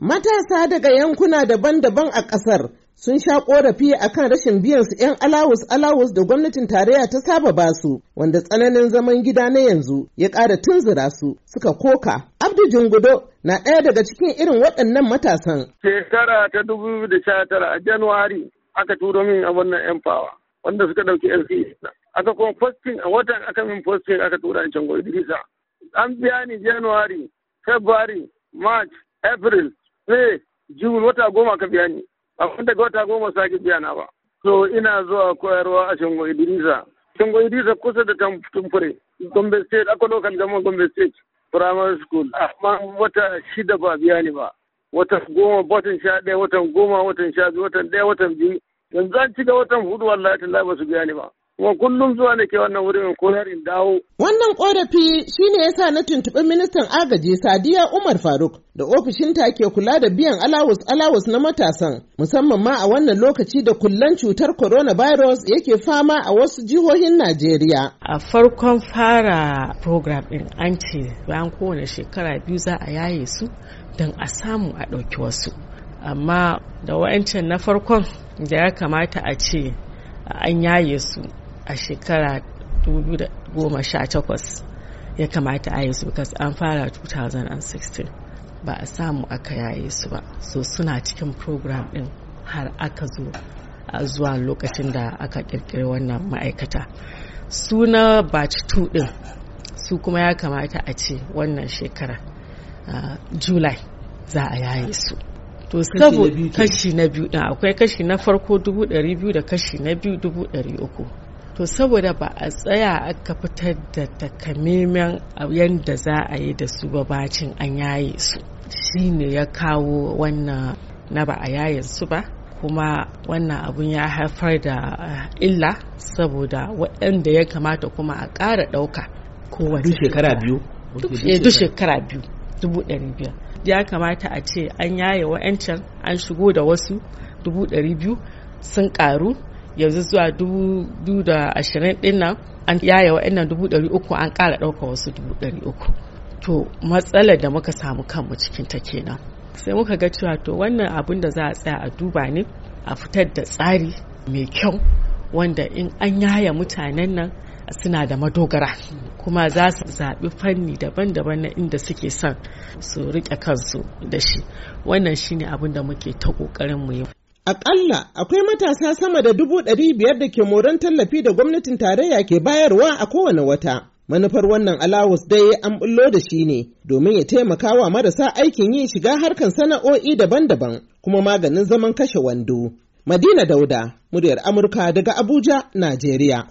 Matasa daga yankuna daban-daban a ƙasar sun sha ƙorafi a kan rashin biyan su 'yan alawus-alawus da gwamnatin tarayya ta saba basu, wanda tsananin zaman gida na yanzu ya ƙara tunzura su suka koka. Abdu Jungudo na ɗaya daga cikin irin waɗannan matasan. Shekara ta dubu da sha tara a Januwari aka turo min a wannan 'yan fawa wanda suka ɗauki 'yan Aka kuma posting a watan aka min aka tura in can Idrisa. An biya ni Januwari, February, March, April, sai eh, june wata goma ka biya ni amma daga wata goma sake biya na ba so ina zuwa koyarwa a shingo idrisa shingo idrisa kusa da tumfure gombe state akwai local gama gombe state primary school amma wata shida ba biya ni ba Wata goma watan sha ɗaya watan goma watan sha biyu watan ɗaya watan biyu yanzu an cika watan hudu wallahi tallahi ba su biya ni ba kuma kullum zuwa nake wannan wurin koyar in dawo. Wannan korafi ya sa na tuntuɓi ministan agaji Sadiya Umar Faruk da ofishin ta ke kula da biyan alawus alawus na matasan musamman ma a wannan lokaci da kullan cutar coronavirus yake fama a wasu jihohin Najeriya. A farkon fara program ɗin an ce bayan kowane shekara biyu za a yaye su don a samu a ɗauki wasu. Amma da wa'ancan na farkon da ya kamata a ce an yaye su a shekara 2018 ya kamata a yi su because an fara 2016 ba a samu aka yaye su ba so suna cikin program din har aka zo a zuwa lokacin da aka kirkiri wannan ma'aikata suna batch 2 din su kuma ya kamata a ce wannan shekara july za a yaye su to kashi na biyu akwai kashi na farko 200,000 da kashi na biyu to saboda ba a tsaya aka fitar da takamaiman yadda za a yi da su ba bacin an yaye su shine ya kawo wannan na ba a yayin su ba kuma wannan abun ya haifar da eh, illa saboda waɗanda ya kamata kuma a ƙara ɗauka kowace shekara biyu duk eh, shekara biyu dubu ɗari biyar ya kamata a ce an yaye wa'ancan an shigo da wasu dubu ɗari biyu sun ƙaru yanzu zuwa dubu da ashirin din nan an yaya wa'annan dubu ɗari uku an ƙara ɗauka wasu dubu ɗari uku to matsalar da muka samu kanmu cikin ta kenan sai muka ga cewa to wannan abin da za a tsaya a duba ne a fitar da tsari mai kyau wanda in an yaya mutanen nan suna da madogara kuma za su zaɓi fanni daban-daban na inda suke son su riƙe kansu da shi wannan shine abin da muke ta ƙoƙarin mu yi Aƙalla akwai matasa sama da dubu ɗari biyar da ke moran tallafi da gwamnatin tarayya ke bayarwa a kowane wata. Manufar wannan alawus dai an bullo da shi ne domin ya taimaka wa marasa aikin yi shiga harkan sana'o'i daban-daban kuma maganin zaman kashe wando. Madina Dauda, muryar Amurka daga Abuja, Najeriya.